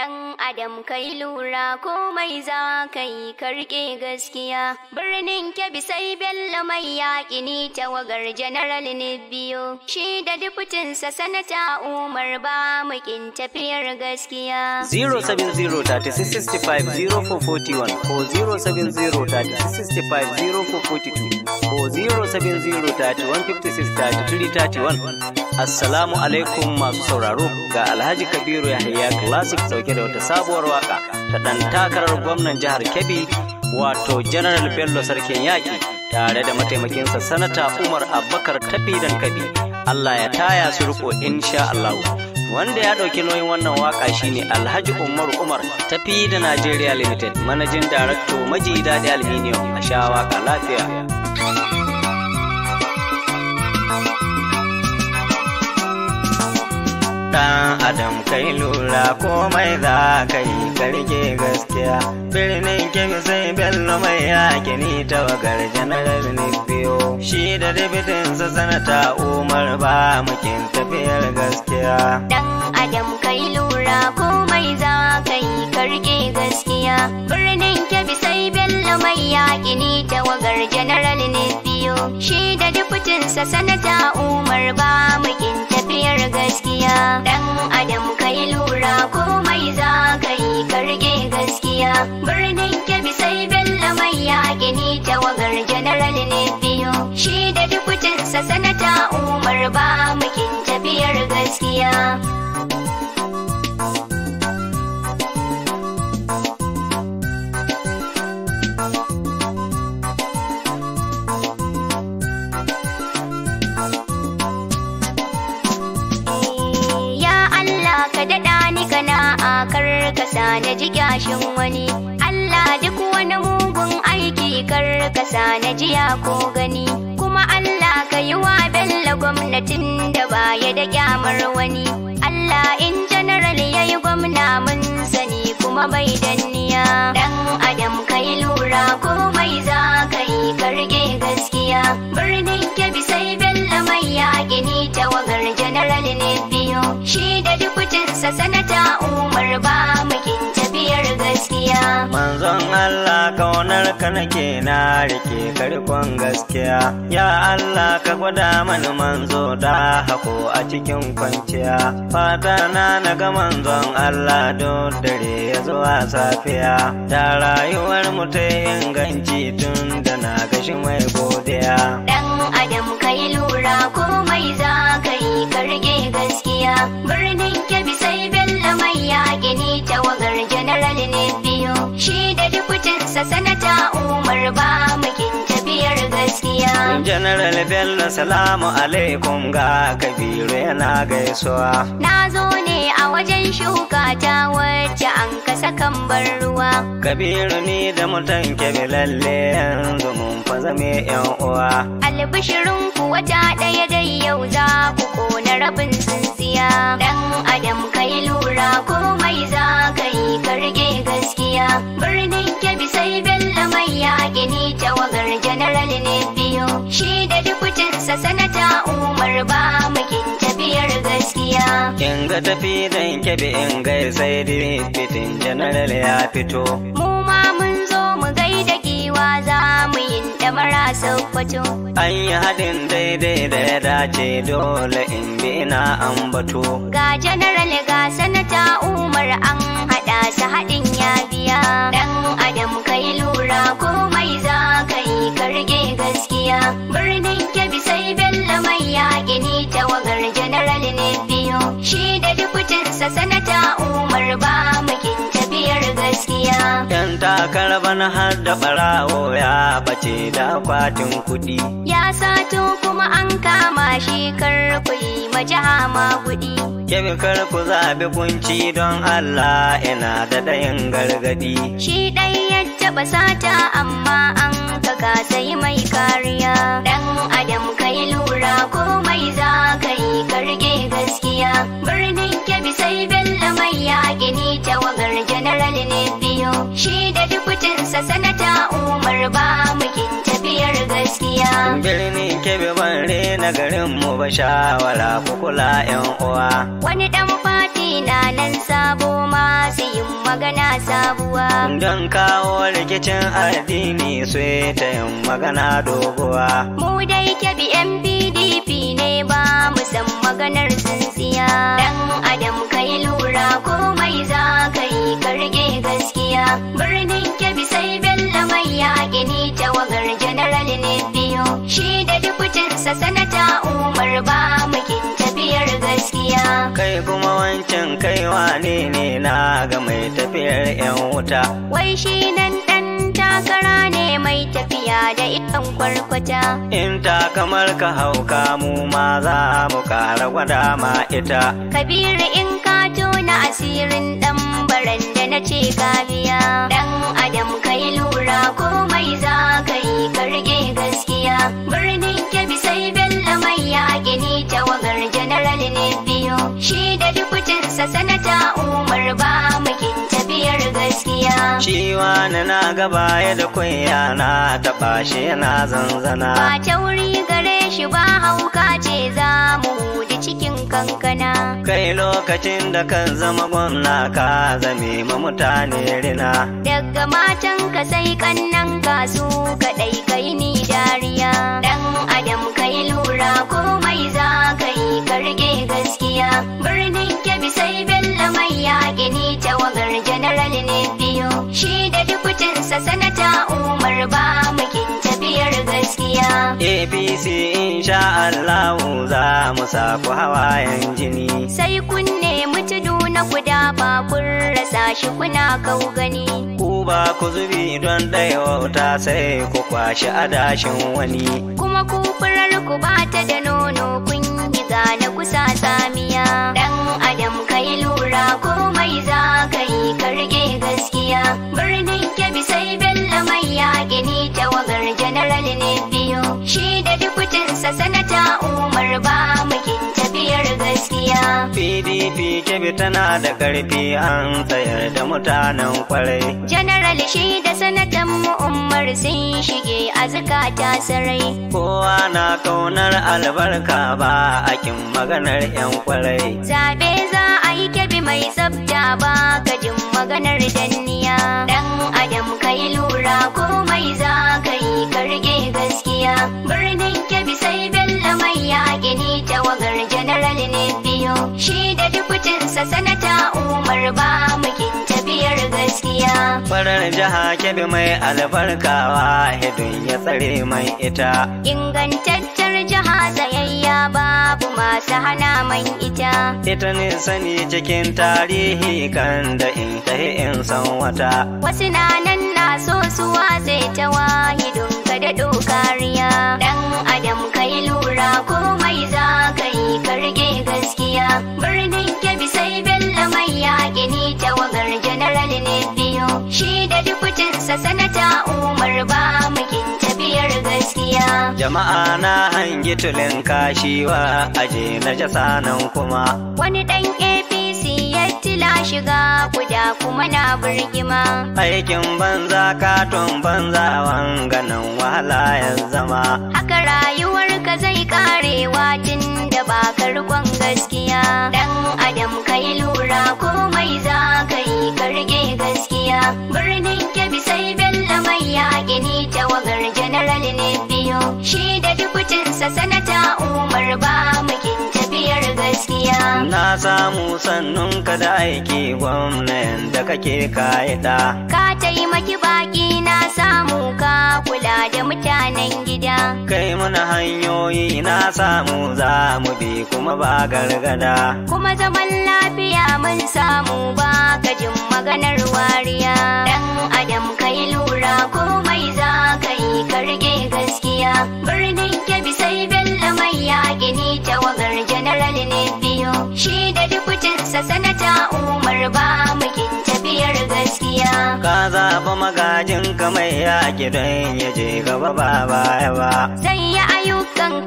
Dan adam kai lura komai za ka yi karke gaskiya birnin kebbi sai bello mai yaƙi ni tawagar janaral ne biyo shi da sa sanata umar ba mukin tafiyar gaskiya 070 ko 070 0703156331 Assalamu alaikum masu sauraro ga Alhaji Kabiru Yahaya Classic sauke da wata sabuwar waka ta ɗan takarar gwamnan jihar Kebbi wato General Bello Sarkin Yaƙi tare da mataimakinsa Sanata Umar Abubakar Tafi dan Kabi. Allah ya taya su riko insha Allah. wanda ya ɗauki nauyin wannan waka shine alhaji umaru umar tafi da nigeria limited manajin darakto maji Dadi alminium a sha waka lafiya Dan adam kai lura komai za ka yi karke gaskiya birnin kim sai bello mai yake ni ta wakar ne biyo shi da sa sanata umar ba mukin tafiyar gaskiya dan adam kai lura komai za ka yi karke gaskiya birnin kim sai bello mai yake ni ta wakar ne biyo shi da sa sanata umar ba mu tafiyar gaskiya dan adam kai lura komai za ka yi karge gaskiya birnin kebbi sai bello mai yaƙi ni tawagar general ne biyu shi da sa sanata umar ba mu tafiyar gaskiya na ji kyashin wani Allah duk wani mugun aiki kar ka sa na jiya ko gani kuma Allah ka yi wa bella gwamnatin da baya da kyamar wani Allah in general ya yi gwamna mun sani kuma bai danniya dan adam ka yi lura mai za ka yi karge gaskiya birnin kebi sai bella mai ya gini tawagar shi da dubutinsa sanata umar ba mukin tafiyar gaskiya manzon Allah kaunar ka nake na rike karkon gaskiya ya Allah ka gwada mani manzo da hako a cikin kwanciya fata na na manzon Allah don dare ya zuwa safiya da rayuwar mu ta inganci tun da na gashi mai godiya dan General Bello salamu alaikum ga Kabiru yana gaisuwa. Na zo ne a wajen shuka ta wacce an kasa kan bar ruwa. Kabiru ni da mutan kebe lalle yanzu mun fa zame yan uwa. Albishirin ku wata ɗaya dai yau za ku kona rabin tsintsiya. Dan Adam kai lura komai za ka yi karge gaskiya. Birnin kebi sai Bello mai gini ta tawagar General ne biyu. Shi da dukutinsa sanata Umar ba mukin tafiyar gaskiya kin ga tafi dan kebe in gai sai fitin janaral ya fito mu ma mun zo mu gaida giwa za mu yi damara sokoto an yi haɗin daidai da ya dace dole in bi na ambato ga janaral ga sanata umar an haɗa su haɗin ya biya dan adam kai lura komai za ka yi karge gaskiya umar ba mukin biyar gaskiya yan takarar bana har da barawo ya bace da kwatin kuɗi. ya sato kuma an kama shi karkuyi majiha ma kuɗi. Kemi ku zaɓi kunci don allah ina da ɗayan gargadi shi ɗai ya taɓa sata amma an ka sai mai kariya dan adam kai lura ko komai za burge gaskiya birnin kebbi sai bello mai ya gini tawagar general ne biyu. shi da dubutinsa sanata umar ba mukin tafiyar gaskiya birnin kebbi ban rena garin mu ba shawara ku kula yan uwa wani dan fati na nan sabo masu yin magana sabuwa don kawo rikicin addini sai ta yin magana doguwa mu dai kebbi mpdp ne ba dan maganar tsintsiya dan adam kai lura komai za ka yi karge gaskiya birnin kebi sai bella mai ya gini tawagar general ne biyo shi da dubutinsa sanata umar ba mukin tafiyar gaskiya kai kuma wancan kai wane ne na ga mai tafiyar yan wuta wai shi nan Makara ne mai tafiya da itan kwarkwata. In ta kamar ka hauka mu ma za mu kara gwada ma ita. Kabiru in ka tona asirin dan baran da na ce ka biya. Ɗan adam kai lura komai za ka yi ciwa na na gaba ya da kunya na taɓa shi na zanzana ba cauri gare shi ba hauka ce za mu huji cikin kankana kai lokacin da kan zama gwamna ka zame ma mutane rina daga matan ka sai kannan ka su kaɗai kai ni dariya dan adam kai lura komai za ka yi karge gaskiya birnin ke sai Ya ni tawagar janaral ne biyu. shi da sa sanata umar ba mukin tafiyar gaskiya abc insha allahu za mu saku hawayen jini sai kunne nemi tudu na guda ba rasa shi kuna kau gani ku ba ku zubi don ɗaya wauta sai ku kwashi adashin wani kuma ku furar ku ba ta da nono kun yi zane kusa samiya komai za ka yi gaskiya birnin kebbi sai bello mai ya ni tawagar janaral ne biyu shi da dukutinsa sanata umar ba mukin tafiyar gaskiya pdp kebbi tana da ƙarfi an tsayar da mutanen kwarai janaral shi da sanatan mu umar sun shige a zukata sarai kowa na kaunar albarka ba a kin maganar yan kwarai zaɓe mai tsafta ba ka jin maganar danniya dan adam kai lura komai za ka yi karge gaskiya birnin kebi sai bella mai yaƙi ni tawagar general ne biyu. shi da dukutinsa sanata umar ba mukin tafiyar gaskiya farar jiha kebi mai albarkawa hidin ya tsare mai ita ingantaccen jiha tsaye babu masu hana man ita. Ita ne sani cikin tarihi kan da in tahi in san wata. Wasu na nan na so su watse ta wahidun ka da kariya. Dan Adam ka yi lura komai za ka yi ka gaskiya. Birnin kebi sai Bello mai yaƙi ni tawagar General ne biyu. Shi da sa sanata Umar ba muke ya Jama'a na hangi tulin kashiwa aje na jasa nan kuma. Wani ɗan APC ya tila shiga guda kuma na birgima. Aikin banza katon banza wanganan wahala ya zama. Haka rayuwarka zai karewa tun da ba karkon gaskiya. Dan Adam kai lura komai za ka yi karge gaskiya. Birni shi da dubutinsa sanata umar ba samu sannun ka da aiki gwamnan da kake ka'ida. Ka taimaki baki na samu ka kula da mutanen gida. Kai muna hanyoyi na samu za mu bi kuma ba gargada. Kuma zaman lafiya mun samu ba ka maganar wariya. Dan Adam ka yi lura komai za ka yi ka gaskiya. Birnin Kebbi sai Bello mai ya gini tawagar General ne biyo shi da dubutinsa sanata umar ba mukin tafiyar gaskiya ka zaɓa magajin ka mai yaƙi don ya je gaba ba baya ba sai ya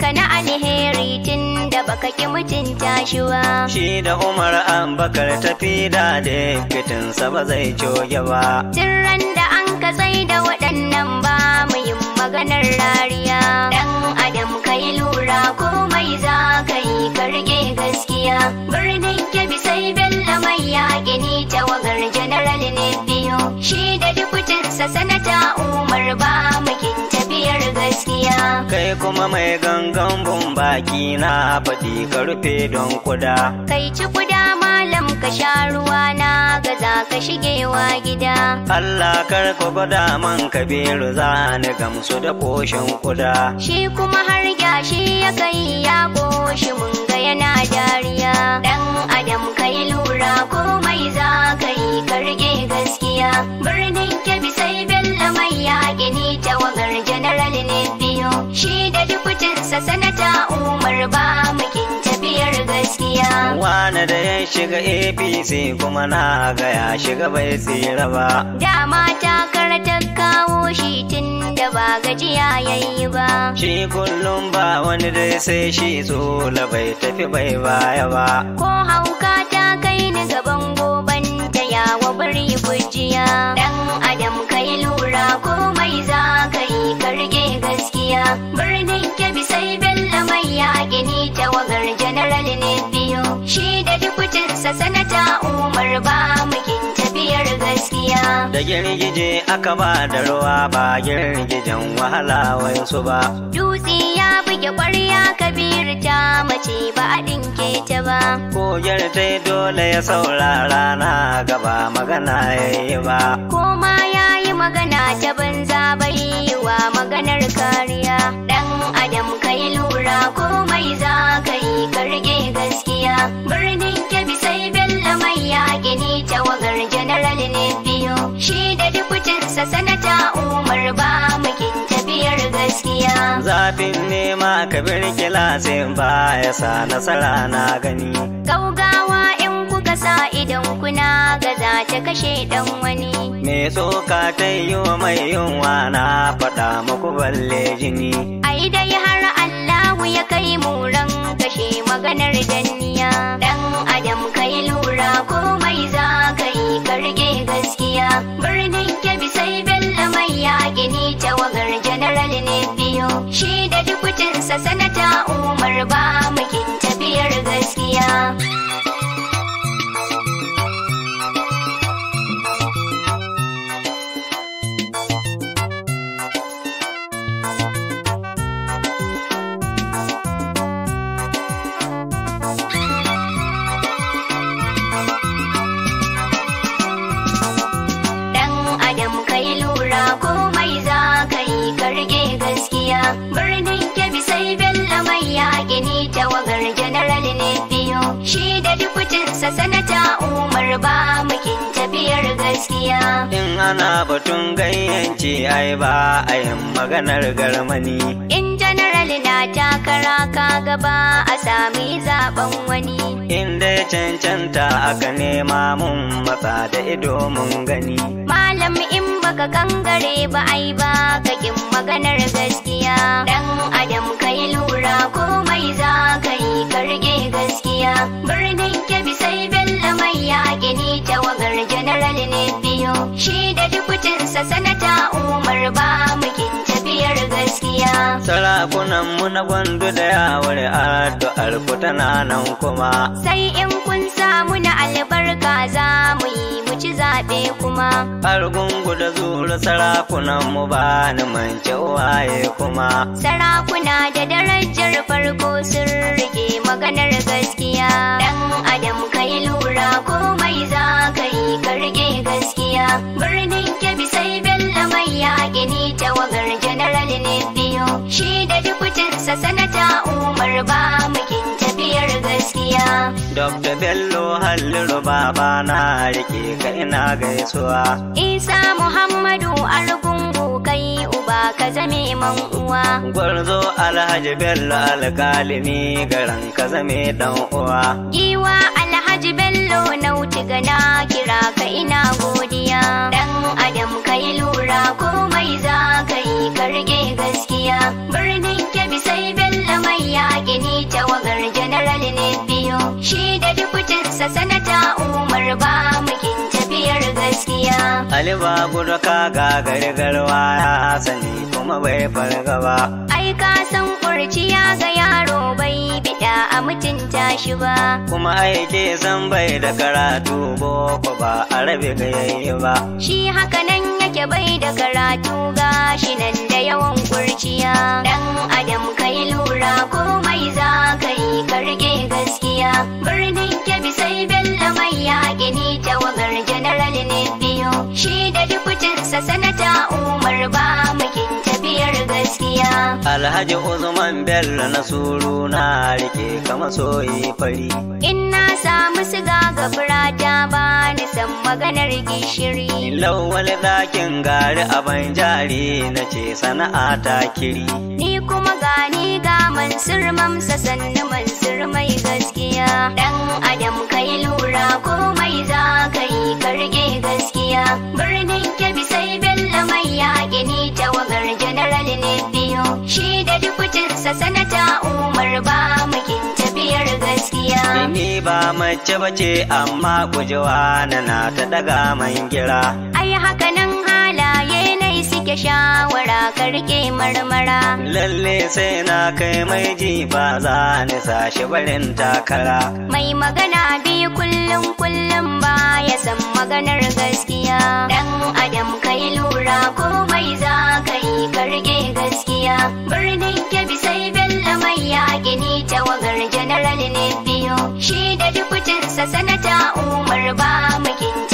ka na alheri tun da baka ki mutunta shi ba shi da umar an bakar tafi da sa ba zai coge ba tirran da an ka sai da waɗannan ba mu yi maganar rariya dan adam kai lura komai za ka yi gaskiya birnin kebbi sai bello mai ta tawagar general ne biyu shi da dukutinsa sanata umar ba mukin tafiyar gaskiya kai kuma mai gangan baki na fati ka rufe don kuda kai ci kuda malam ka sha ruwa na gaza ka shigewa gida Allah kar ku gwada man kabiru za ni gamsu da koshin kuda shi kuma har gashi ya kai ya koshi mun yana dariya dan adam kai lura komai za ka yi karge gaskiya birnin kebbi sai bello mai yaƙi ni tawagar general ne biyo shi da dukutinsa sanata umar ba muke tafiyar gaskiya wani da ya shiga apc kuma na ga ya shiga bai tsira ba dama takara ta kawo shi tun da ba gajiya yayi ba shi kullum ba wani da sai shi tsola bai tafi bai baya ba ko hau girgije aka ba da rawa, ba girgijen wahala wayansu ba. Dutsi ya buge ƙwarya kabir ta mace ba a ɗinke ta ba. Kogiyar dai dole ya saurara na gaba magana ya yi ba. Koma ya yi magana ta banza bai yi wa maganar kariya. Ɗan adam ka yi lura komai za ka yi ka gaskiya. Birnin kebi sai Bello mai ya gini tawagar general ne biyu. shi da dukutinsa sanata umar ba mukin tafiyar gaskiya zafin nema ka birkila sai ba ya sa nasara na gani gaugawa in kuka sa idan kuna gaza ta kashe dan wani me tsoka ta yi wa mai yunwa na faɗa muku balle jini ai dai har allahu ya kai mu ran kashe maganar danniya dan adam kai lura komai za ka barge gaskiya birnin kebbi sai bello mai yaƙini tawagar general ne biyu shi da dukutinsa sanata umar ba muke yin maganar garmani. In general na takara ka gaba a sami zaben wani. In ya cancanta aka nema mun matsa da ido mun gani. Malam in baka kangare ba ai ba ka kin maganar gaskiya. Dan Adam kai lura komai za ka yi karge gaskiya. Birnin kebi sai Bello mai ya gini tawagar general ne biyo. Shi da dubutinsa sanata Umar ba. Sarakunan mu na gwandu da yawar addu'ar ku tana nan kuma. Sai in kun samu na albarka za mu yi mu ci zaɓe kuma. Argungu da zuru sarakunan mu ba ni mance waye kuma. Sarakuna da darajar farko sun rike maganar gaskiya. Dan Adam ka yi lura komai za ka yi ka rike gaskiya. Birnin Kebbi sai Bello mai yaƙini tawagar General ne. A sanata umar ba mukin tafiyar gaskiya Dr. Bello Halliru baba na rike ka ina gaisuwa Isa Muhammadu Argungu kai uba ka zame man uwa Gwarzo Alhaji Bello alkalimi garan ka zame dan uwa Giwa Alhaji Bello na nauti gana kira ka ina godiya Dan Adam kai lura komai za ka yi ka gaskiya ba mukin tafiyar gaskiya ali gudu ka gagar garwa ya sani kuma bai fargaba ai ka san kurciya ga yaro bai bida a mutunta shi ba kuma aiki san bai da karatu boko ba a rabe gayayye ba shi haka nan yake bai da karatu shi nan da yawan kurciya dan adam kai lura komai za ka yi ka gaskiya birnin bello mai yaƙi ni tawagar janaral ne biyo shi da dubutinsa sanata umar ba mukin tafiyar gaskiya alhaji uzman bello na suru na rike kama soyi fari in na samu siga ga furata ba ni san maganar gishiri lawal ɗakin gari a banjari na ce sana'a ta kiri ni kuma gani ga mansur mamsa sannu mansur mai gaskiya dan adam kai lura komai za ka karge gaskiya birnin kebi sai bello mai yaƙi ni tawagar general ne biyu shi da sa sanata umar ba mukin tafiyar gaskiya ni ba mace bace amma gujewa na na ta daga mangira. gira ai hakanan halaye ne suke shawara karke marmara lalle sai na kai mai ji ba za ni sashi barin takara mai magana biyu kullum kullum ba ya san maganar gaskiya dan adam kai lura komai za ka yi karke gaskiya birnin kebi sai bella mai ya gini wagar general ne biyu shi da dukutinsa sanata umar ba mukinci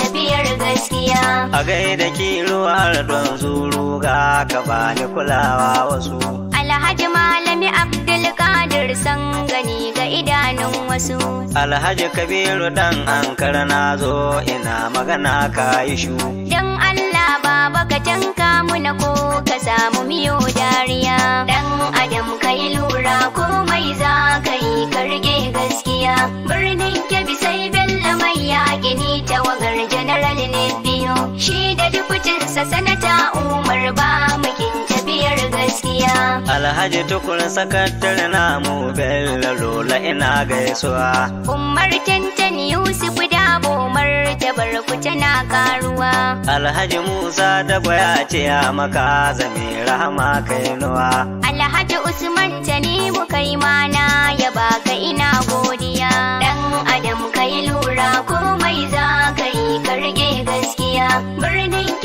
gaskiya a gaida ki ruwa don zuru ga ka bani kulawa wasu alhaji malami abdulkadir san gani ga idanun wasu alhaji kabiru dan ankara nazo, ina magana ka yi shu dan allah baba ka Alhaji tukun sakatare na mu bella lola ina gaisuwa. Umar Tantani Yusuf Dabo jabar kuce na karuwa. Alhaji Musa da baya ce a maka zame rahama kainuwa. Alhaji Usman Tani mu kai mana ya baka ina godiya. Dan Adam kai lura komai za ka yi karge gaskiya. Birnin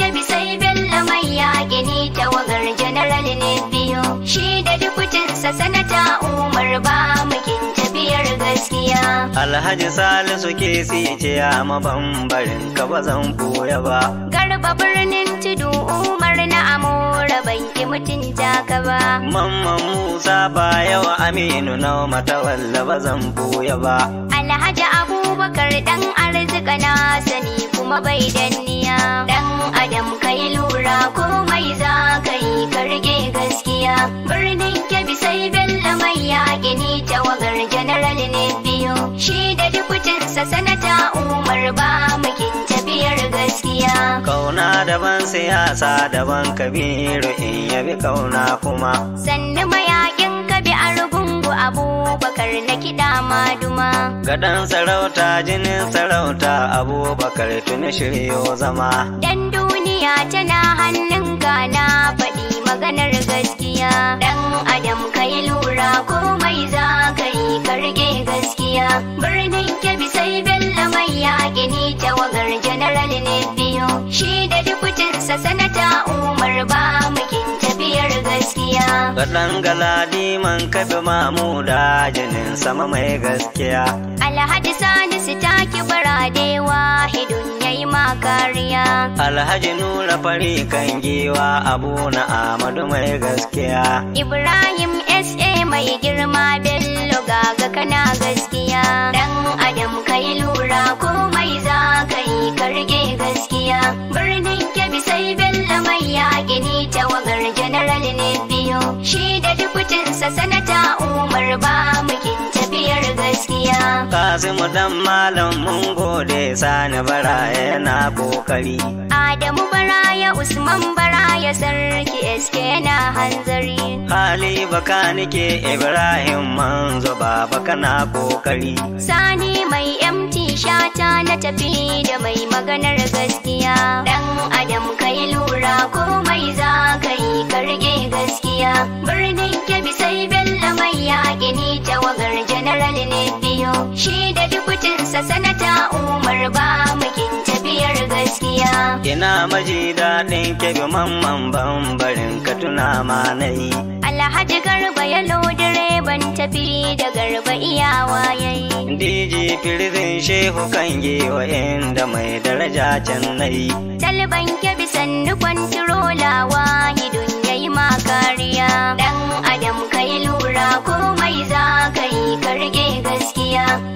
sanata umar ba mukin biyar gaskiya alhaji salisu ke sice a mabambarin ka ba zan koya ba garba birnin tudu umar na amora bai ki mutunta jaka ba mamman musa ba yawa aminu na walla ba zan koya ba alhaji abubakar dan arzika na sani kuma bai danniya dan adam kai lura komai za ka yi karge gaskiya birnin gini tawagar janaral ne biyu shi da dubutinsa sanata umar ba mukin tafiyar gaskiya kauna daban siyasa daban kabiru in yabi kauna kuma sannu mayakin kabi a Abu abubakar na kiɗa maduma gadon sarauta jinin sarauta abubakar tuni shiryo zama dan duniya tana hannun gana faɗi maganar gaskiya gaskiya dan adam kai lura komai za ka yi karge gaskiya birnin kebbi sai bello mai yaƙi tawagar general ne biyu shi da dubutinsa sanata umar ba mukin tafiyar gaskiya gaɗan galadi man kafi mamuda jinin sama mai gaskiya alhaji salisu take baradewa Alhaji Nura fari kan giwa abu na Amadu mai gaskiya. Ibrahim S.A. mai girma Bello gaga kana gaskiya. Dan Adam kai lura komai za ka yi karge gaskiya. Birnin Kebbi sai Bello mai yaƙi ni tawagar General ne biyo. Shi da dubutinsa sanata Umar ba mukin kasimu dan malam mun gode sani bara yana kokari adamu baraya usman baraya sarki eske na hanzari hali baka nike ibrahim manzo baba kana kokari sani mai mt shata na tafi da mai maganar gaskiya dan adam kai lura komai za ka yi karge gaskiya birnin kebi sai bello mai ta tawagar general ne biyo shi da dubutinsa sanata umar ba mukin tafiyar gaskiya ina maji daɗin kebe mamman bambarin ka tuna na yi alhaji garba ya direban tafi da garba iyawa yayi dj firzin shehu kan gewa inda mai daraja can na yi talban kebe sannu kwantirolawa hidun ya yi makariya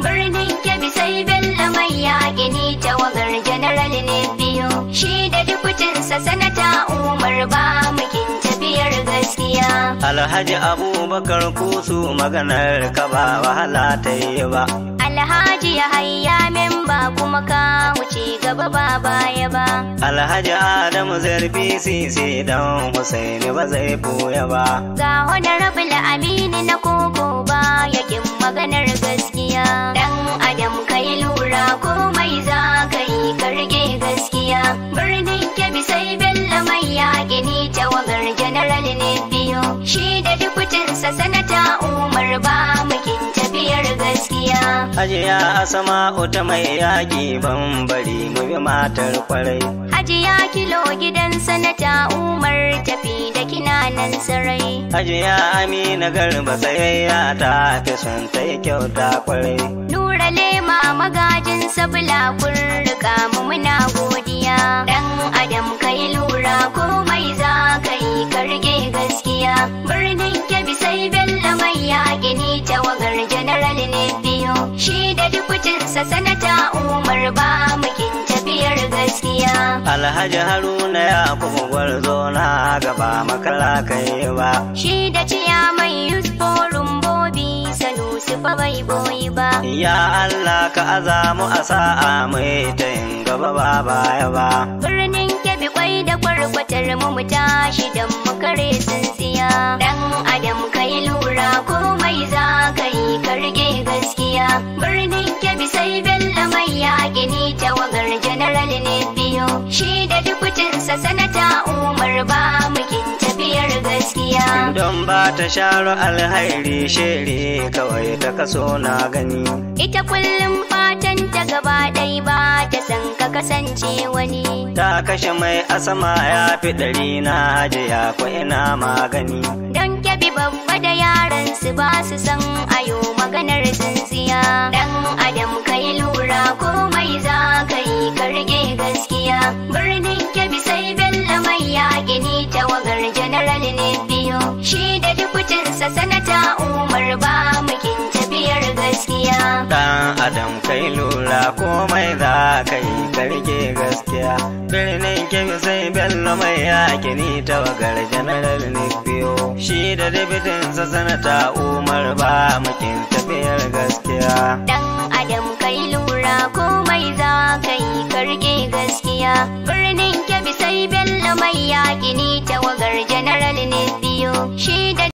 birnin kebi sai bello mai yaƙi ni tawagar janaral ne biyu shi da dukutinsa sanata umar ba mukin tafiyar gaskiya alhaji abubakar kusu maganar ka ba wahala ta yi ba alhaji ya min memba kuma ka wuce gaba ba baya ba alhaji adamu zarfi sisi dan husaini ba zai buya ba ga honorable amini na koko ba yakin maganar gaskiya dan adam kai lura komai za ka yi karge gaskiya birnin kebi sai bella mai ya gini tawagar general ne biyu shi da dukutinsa sanata umar ba Hajiya Asma'u ta mai yaƙi ban bari mu bi matar kwarai. Hajiya kilo gidan sanata Umar tafi da kinanan sarai. Hajiya Amina garba sayayya ta fi son ta yi kyauta kwarai. Nura lema magajin sabula kun rika mu muna godiya. Dan Adam kai lura komai za ka yi karge gaskiya. Birnin kebi sai Bello mai yaƙi ni tawagar General ne. dukucinsa sanata umar ba mukin tafiyar gaskiya. Alhaji Haruna ya kuma gwarzo na gaba makala kai ba. Shi da ciya mai yusfo rumbobi sanusi fa bai boyi ba. Ya Allah ka azamu a sa'a mai ta gaba ba baya ba. Birnin kebi kwai da kwarkwatar mu mu tashi don mu kare tsintsiya. Dan shi da sa sanata umar ba mukin tafiyar gaskiya don ba ta sharo alhairi shere kawai ta kaso na gani ita kullum fatan ta gaba ɗai ba ta san ka kasance wani ta kashe mai asama ya fi ɗari na ajiya ko ina magani don kyabi babba da yaran su ba su san ayo maganar gaskiya birnin kebbi sai bello mai ya gini tawagar janaral ne biyu shi da dukutinsa sanata umar ba mukin tafiyar gaskiya dan adam kai lura komai za ka yi karge gaskiya birnin kebbi sai bello mai ya gini tawagar janaral ne biyu shi da dukutinsa sanata umar ba mukin tafiyar gaskiya dan adam kai lura komai ya birnin kebbi sai bello mai yaƙi ni tawagar general ne biyo shida